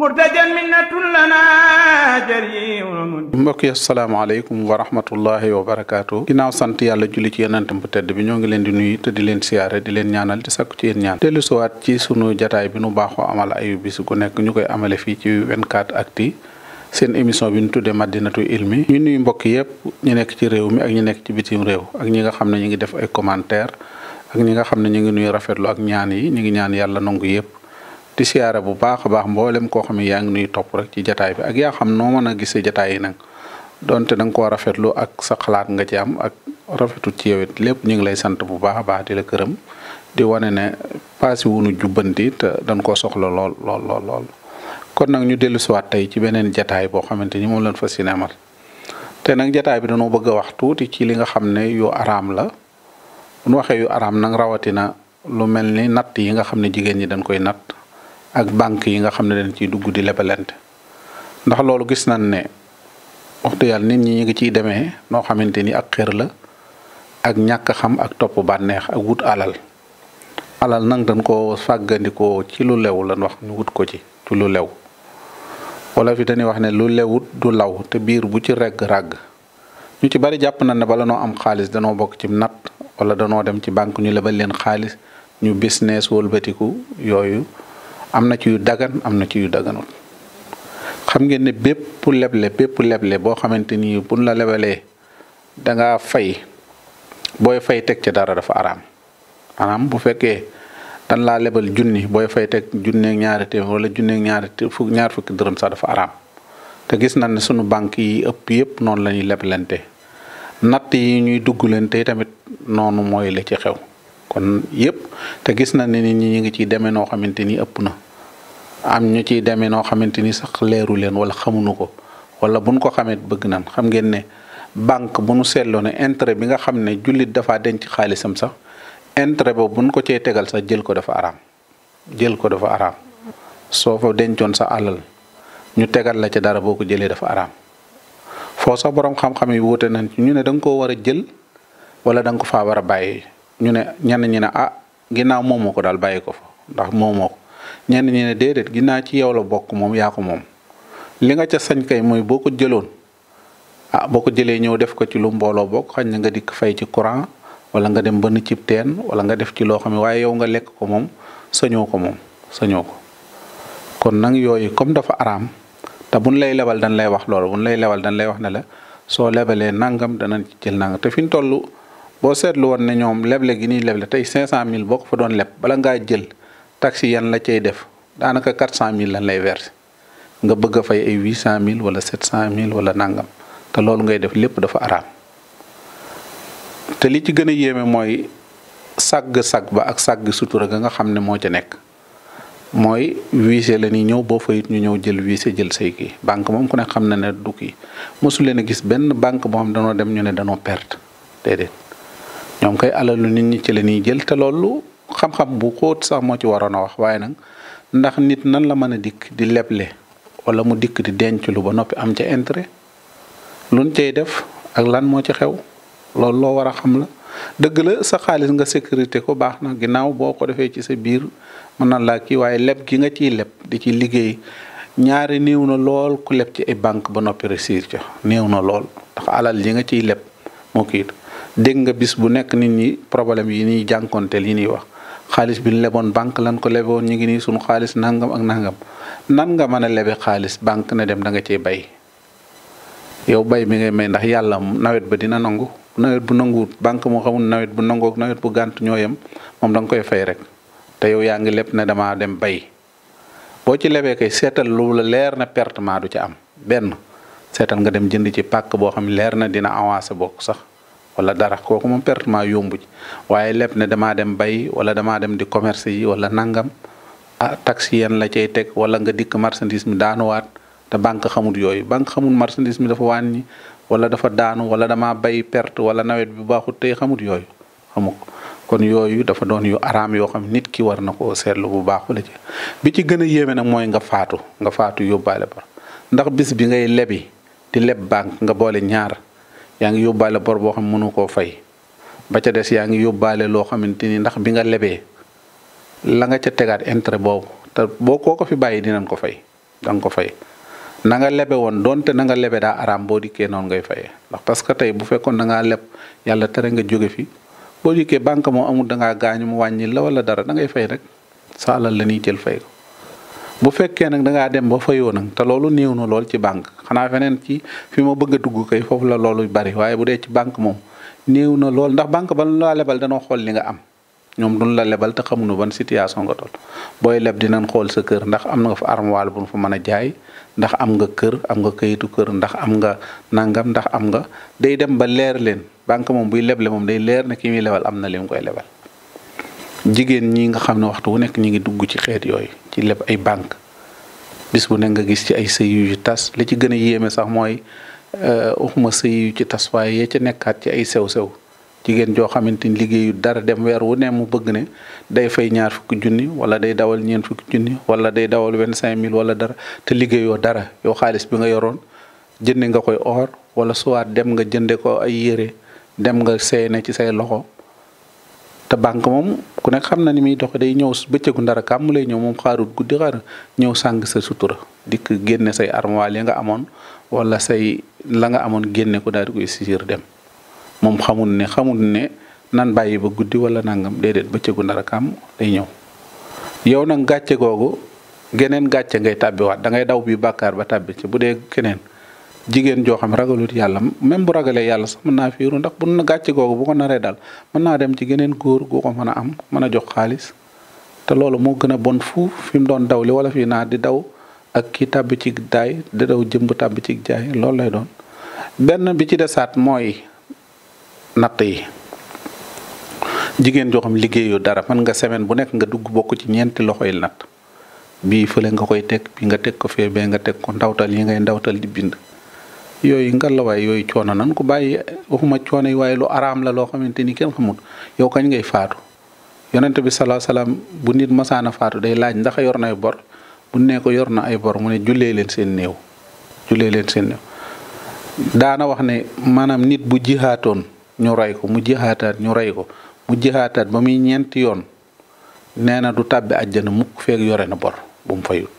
murtajan minnatun lana jariun mbokk yi asalaamaaleykum wa rahmatullahi wa barakaatu ginnaaw sant yàlla julli ci yenantam bu tedd bi ñoo ngi leen di nuyu te di leen siyaare di leen ñaanal di sakku ci yéen ñaan dellu siwaat ci sunu jataay bi nu baaxoo amal ayu bis gu nekk ñu koy amale fii ci ak ti seen émission bi ñu tuddee madinatu ilmi ñu nuyu mbokk yëpp ñu nekk ci réew mi ak ñu nekk ci bitim réew ak ñi nga xam ne ñu ngi def ay commentaire ak ñi nga xam ne ñu ngi nuyu rafetlu ñaan yi ñu ngi ñaan yàlla nangu yëpp di siyaara bu baax a baax mboolem koo xam ne yaa ngi nuy topp rek ci jataay bi ak yaa xam noo mën a gisee jataay yi nag donte da ko koo rafetlu ak sa xalaat nga ci am ak rafetu ci yow it lépp ñu ngi lay sant bu baax a baax di la këram di wane ne paasi wunu jubbanti te dañ koo soxla lool lool lool nag ñu dellu siwaat tey ci beneen jataay boo xamante ni moom lañ fa sinémal te nag jataay bi dañoo bëgg a wax tuuti ci li nga xam ne yu araam la nu waxee yu araam nag rawatina lu mel ni natt yi nga xam ne jigéen ñi dañ koy natt. ak banque yi nga xam ne dañ ciy dugg di lebalante ndax loolu gis nañ ne waxtu yàlla nit ñi ñu ngi ciy demee noo xamante ni ak xër la ak ñàkk xam ak topp bànneex ak wut alal alal nag dañ ko fàggandikoo ci lu lew lan wax ñu wut ko ci lu lew wala fi dañuy wax ne lu lewut du law te biir bu ci regg ràgg ñu ci bari jàpp na ne bala noo am xaalis danoo bokk ci natt wala danoo dem ci banque ñu lebal leen xaalis ñu business wolbatiku yooyu am na ci yu dagan am na ci yu daganul xam ngeen ne bépp leble bépp leble boo xamante ni buñ la lebalee danga fay booy fay teg ca dara dafa araam maanaam bu fekkee dan laa lebal junni booy fay teg junneeg ñaari téeméer wala junneeg ñaari ñaar fukki dërëm sax dafa araam te gis na ne sunu banque yi ëpp yëpp noonu lañuy ñuy leblante natt yi ñuy dugg dugglante tamit noonu mooy la ci xew. kon yëpp te gis na ne nit ñi ñu ngi ciy demee noo xamante ni ëpp na am ñu ciy demee noo xamante ni sax leeru leen wala xamuñu ko wala buñ ko xamee bëgg nan xam ngeen ne banque bu nu seetloo ne intérêt bi nga xam ne jullit dafa denc xaalisam sax intérêt boobu buñ ko cee tegal sax jël ko dafa araam jël ko dafa araam soo fa dencoon sa alal ñu tegal la ca dara boo ko jëlee dafa araam foo sax boroom xam-xam yi wuute nañ ci ñu ne danga nga koo war a jël wala da ko faa war a bàyyi. ñu ne ñenn ñi ne ah ginnaaw moom moo ko daal bàyyi ko fa ndax moom moo ko ñenn ñi ne déedéet ginnaaw ci yow la bokk moom yaa ko moom li nga ca sañ kay mooy boo ko jëloon ah boo ko jëlee ñëw def ko ci lu mbooloo bokk xañ na nga dikk fay ci courant wala nga dem bënn cib teen wala nga def ci loo xam ne waaye yow nga lekk ko moom sañoo ko moom sañoo ko kon nag yooyu comme dafa araam te buñ lay lebal dañ lay wax loolu buñ lay lebal dañ lay wax ne la soo lebalee nangam danañ ci boo seetlu woon ne ñoom leble gi nii leble tey 500000 boo ko fa doon leb bala ngaa jël taxi yan la cay def daanaka mille lan lay verser nga bëgg fay ay 800000 wala 700000 wala nangam te loolu ngay def lépp dafa araam te li ci gën a yéeme mooy sagg sàgg ba ak sàgg sutura ga nga xam ne moo ca nekk mooy wiise la ni ñëw boo fayit ñu ñëw jël wiise jël say kii banque moom ku ne xam na ne du kii mosu leen a gis benn banque boo xam danoo dem ñu ne danoo perte déedéet. ñoom koy alalu nit ñi ci la ñuy jël te loolu xam-xam bu xóot sax moo ci waroon a wax waaye nag ndax nit nan la mën a dikk di leble wala mu dikk di denc lu ba noppi am ca intérêt luñ cay def ak lan moo ci xew loolu loo war a xam la dëgg la sa xaalis nga sécurité ko baax na ginnaaw boo ko defee ci sa biir mën nan laa kii waaye leb gi nga ciy leb di ci liggéey ñaari néew na lool ku leb ci ay banque ba noppi réussir ca néew na lool ndax alal ji nga ciy le moo dégg nga bis bu nekk nit ñi problème yi ñuy jànkonteel yi ñuy wax xaalis bi ñu leboon banque lan ko leboon ñu ngi nii suñu xaalis nangam ak nangam nan nga mën a lebe xaalis banque ne dem da nga cee bay yow bay bi ngay may ndax yàlla nawet ba dina nangu nawet bu nanguwut banque moo xamul nawet bu nangook nawet bu gànt ñoo yem moom da nga koy fay rek te yow yaa ngi leb ne damaa dem bay boo ci lebee kay seetal lu la leer na pertement du ci am benn seetal nga dem jënd ci pàkk boo xam leer na dina avancé bokk sax wala dara kooku moom perte maa yomb ci waaye lépp ne damaa dem bay wala damaa dem di commerce yi wala nangam ah taxe yeen la cay teg wala nga dikk marchandise mi daanuwaat te banque xamul yooyu banque xamul marchandise mi dafa wàññi wala dafa daanu wala damaa bay perte wala nawet bu baaxul tey xamut yooyu xamu kon yooyu dafa doon yu araam yoo xam nit ki war na koo seetlu bu baaxul ci bi ci gën a yéeme nag mooy nga faatu nga faatu yóbbaale par ndax yaa ngi yóbbaale bor boo xam mënu koo fay ba ca des yaa ngi yóbbaale loo xamante ni ndax bi nga lebee la nga ca tegaat intérêt boobu te boo koo ko fi bàyyi dinañ ko fay danga ko fay na nga lebe woon donte na nga lebe daa araam boo dikkee noonu ngay fayee ndax parce que tey bu fekkoon da leb yàlla tere nga jóge fi boo dikkee banque moo amul da ngaa gaañu mu wàññi la wala dara da ngay fay rek sa la ñuy jël fay ko bu fekkee nag da dem ba fayoo nag te loolu néew na lool ci banque xanaa feneen ci fi ma bëgg a dugg kay foofu la loolu bari waaye bu dee ci banque moom néew na lool ndax banque ba laa lebal danoo xool li nga am ñoom duñ la lebal te xamuñu ban situation nga toll booy leb dinañ xool sa kër ndax am na nga fa armuwal bu ñu fa mën a jaay ndax am nga kër am nga kayitu kër ndax am nga nangam ndax am nga day dem ba leer leen banque moom buy leble moom day leer ne ki muy lebal am na li koy lebal. jigéen ñi nga xam ne waxtu wu nekk ñu ngi dugg ci xeet yooyu ci leb ay banque bis bu nekk nga gis ci ay sëy yu tas li ci gën a yéeme sax mooy euh, waxuma sëy yu ci tas waaye ya ca nekkaat ci ay sew-sew jigéen joo xamante ni liggéeyu dara dem weer wu ne mu bëgg ne day fey ñaar fukki junni wala day dawal ñeen fukki junni wala day dawal vingt-cinq mille wala dara te liggéeyoo dara yow xaalis bi nga yoroon jënde nga koy or wala suwaat dem nga jënde ko ay yére dem nga seey ci say loxo te banque moom ku nekk xam na ni muy doxe day ñëw bëccëgu ndara kàmm lay ñëw moom xaarut guddi xaar ñëw sàng sa sutura dikk génne say armoire yi nga amoon wala say la nga amoon génne ko daal di koy siir dem moom xamul ne xamul ne nan bàyyi ba guddi wala nangam déedéet bëccëgu ndara kàmm day ñëw yow nag gàcce googu geneen gàcce ngay tàbbiwaat da ngay daw bi bàkkaar ba tàbbi ci bu dee keneen jigéen joo xam ragalut yàlla même bu ragalee yàlla sax mën naa fiiru ndax bu na gàcce googu bu ko naree daal mën naa dem ci geneen góor gu ko mën a am mën a jox xaalis te loolu moo gën a bon fuuf fi mu doon daw li wala fii naa di daw ak ki tàbbi ci daay di daw jëmb tàbbi cig jaay loolu lay doon benn bi ci desaat mooy natt yi jigéen joo xam liggéeyu dara mën nga semaine bu nekk nga dugg bokk ci ñeenti loxoy natt bii fële nga koy teg bi nga teg ko fee bee nga teg ko ndawtal yi ngay ndawtal di bind yooyu ngalawaay yooyu coono nan ko bàyyi waxuma coono yi waaye lu araam la loo xamante ni kenn xamut yow kañ ngay faatu yonent bi salaa salaam bu nit masaana faatu day laaj ndax yor na ay bor bu ne ko yor na ay bor mu ne julee leen seen néew jullee leen seen néew daana wax ne maanaam nit bu jihaatoon ñu rey ko mu jihaataat ñu rey ko mu jihaataat ba muy ñeenti yoon nee na du tàbbi àjjana mukk feeg yore na bor bu mu fayut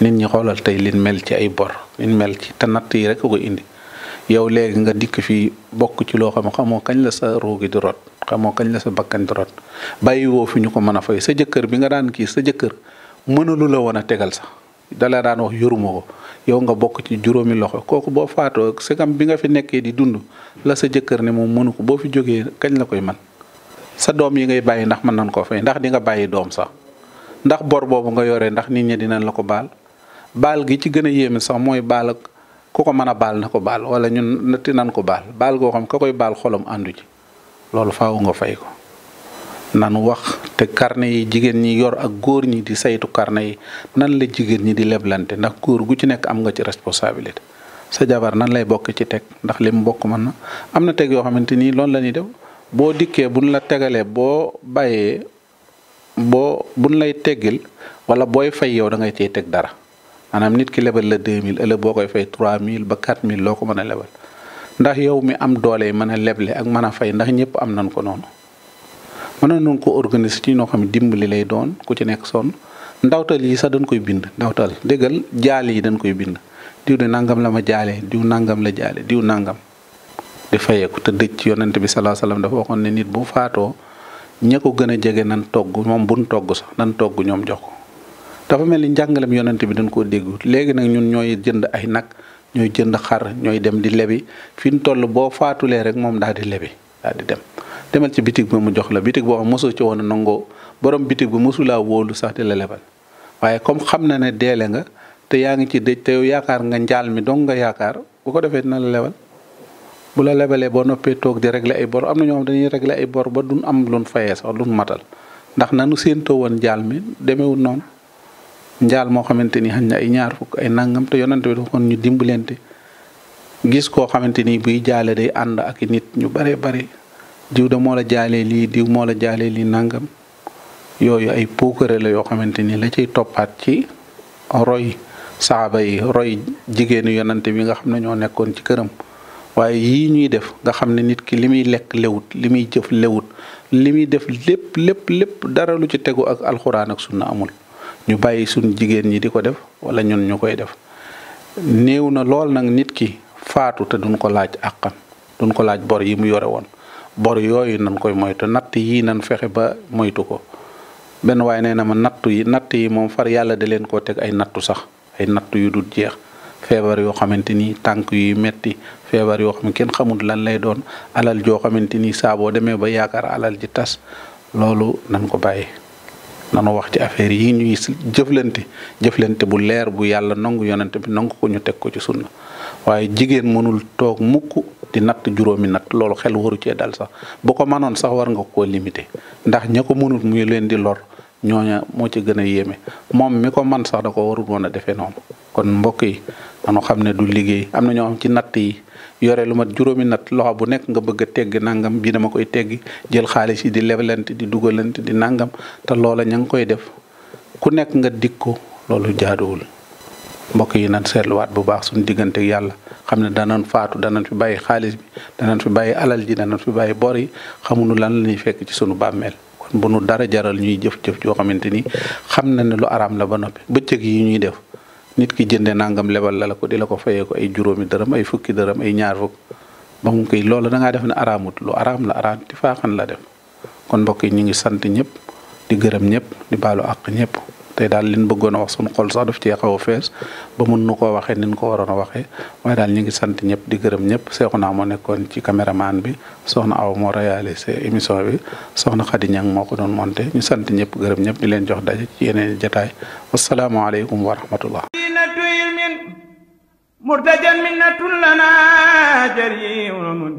nit ñi xoolal tey lin mel ci ay bor lin mel ci te natt yi rek ko indi yow léegi nga dikk fii bokk ci loo xam xamoo kañ la sa roogi di rot xamoo kañ la sa bakkan bàyyi woo fi ñu ko mën a fay sa jëkkër bi nga daan kii sa jëkkër mënalu la woon a tegal sax dala daan wax yoruma yow nga bokk ci juróomi loxo kooku boo faatoo segam bi nga fi nekkee di dund la sa jëkkër ne moom mënu ko boo fi jógee kañ la koy man sa doom yi ngay bàyyi ndax mën nan koo fay ndax di nga bàyyi doom sax ndax bor boobu nga yoree ndax nit ñi dinañ la ko baal baal gi ci gën a yéeme sax mooy baal ak ku ko mën a baal na ko baal wala ñun natti nan ko baal baal goo xam ka koy baal xolam àndu ji loolu faaw nga fay ko nan wax te carnet yi jigéen ñi yor ak góor ñi di saytu carnet yi nan la jigéen ñi di leblante ndax góor gu ci nekk am nga ci responsabilité sa jabar nan lay bokk ci teg ndax li mu bokk mën na am na teg yoo xamante ni loolu la ñuy def boo dikkee buñ la tegalee boo bàyyee boo buñ lay teggil wala booy fay yow da ngay cee teg dara maanaam nit ki lebal la 2000 ëllëg boo koy fay 3000 ba 4000 loo ko mën a lebal ndax yow mi am doole yi mën a leble ak mën a fay ndax ñëpp am nañ ko noonu mën nañ ko organiser ci noo xam ne dimbali lay doon ku ci nekk sonn ndawtal yi sax dañ koy bind ndawtal déggal jaale yi dañ koy bind diw de nangam la ma jaalee diw nangam la jaale diw nangam di fayeeku te dëj ci yonent bi salaa salaam dafa waxoon ne nit bu faatoo ña ko gën a jege nan togg moom buñ togg sax nan togg ñoom jox ko dafa mel ni njàngalem yonent bi dañ koo déggu léegi nag ñun ñooy jënd ay nag ñooy jënd xar ñooy dem di lebi fi ñu toll boo faatulee rek moom daal di lebi daal di dem demal ci bitig bi mu jox la bitig boo xam mosoo woon a nangoo borom bitig bi mosulaa wóolu sax di la lebal waaye comme xam na ne deele nga te yaa ngi ci dëj te yaakaar nga njaal mi dong nga yaakaar bu ko defee dina la lebal bu la lebalee boo noppee toog di régler ay bor am na ñoom dañuy régler ay bor ba du am luñ fayee sax duñ matal ndax nanu séentoo woon njaal mi demeewul noonu. njaal moo xamante ni xam na ay ñaar fukk ay nangam te yonante bi dafa kon ñu dimbalante gis koo xamante ni buy jaale day ànd ak nit ñu bare bare diw da moo la jaalee lii diw moo la jaalee lii nangam yooyu ay puukare la yoo xamante ni la ciy toppaat ci roy saaba yi roy jigéenu yonante bi nga xam ne ñoo nekkoon ci këram waaye yii ñuy def nga xam ne nit ki li muy lekk lewut li muy jëf lewut li muy def lépp lépp lépp dara lu ci tegu ak alxuraan ak sunna amul ñu bàyyi suñ jigéen ñi di ko def wala ñun ñu koy def néew na lool nag nit ki faatu te duñ ko laaj àqam duñ ko laaj bor yi mu yore woon bor yooyu nañ koy moytu natt yii nan fexe ba moytu ko benn waaye nee na ma nattu yi natt yi moom far yàlla da leen koo teg ay nattu sax ay natt yu du jeex feebar yoo xamante ni tànk yuy metti feebar yoo xam ne kenn xamul lan lay doon alal joo xamante ni saa boo demee ba yaakaar alal ji tas loolu nañ ko bàyyi. nanu wax ci affaire yi ñuy jëflante jëflante bu leer bu yàlla nangu yonent bi nongu ko ñu teg ko ci sunna waaye jigéen mënul toog mukk di natt juróomi natt loolu xel waru cee dal sax bu ko mënoon sax war nga koo limité ndax ña ko mënul mu leen di lor ñooña moo ci gën a yéeme moom mi ko man sax da ko warul woon a defee noonu kon mbokk yi dañu xam ne du liggéey am na ñoo xam ci natt yi yore lu ma juróomi natt loxo bu nekk nga bëgg a teggi nangam bii dama koy teggi jël xaalis yi di lebalante di dugalante di nangam te loola ña ngi koy def ku nekk nga dig ko loolu jaaduwul mbokk yi nan seetluwaat bu baax suñu diggante yàlla xam ne danañ faatu danañ fi bàyyi xaalis bi danañ fi bàyyi alal ji danañ fi bàyyi bor yi xamuñu lan la ñuy fekk ci sunu bàmmeel bu nu dara jaral ñuy jëf-jëf joo xamante ni xam na ne lu araam la ba noppi bëccëg yi ñuy def nit ki jënde nangam lebal la la ko di la ko fayee ko ay juróomi dërëm ay fukki dërëm ay ñaar fukk ba mu koy loola da ngaa def ne araamut lu araam la araam ti faaxan la def kon mbokk yi ñu ngi sant ñëpp di gërëm ñëpp di baalu àq ñëpp tey daal liñ bëggoon a wax suñu xol sax daf cee xaw a fees ba mun nu koo waxee nin ko waroon a waxee waaye daal ñu ngi sant ñëpp di gërëm ñëpp seexu naa moo nekkoon ci caméraman bi soxna aw moo réalisé émission bi soxna Xadi Ñang moo ko doon monté ñu sant ñëpp gërëm ñëpp di leen jox daje ci yeneen jataay wasalaamaaleykum wa rahmatullah مرتجا منة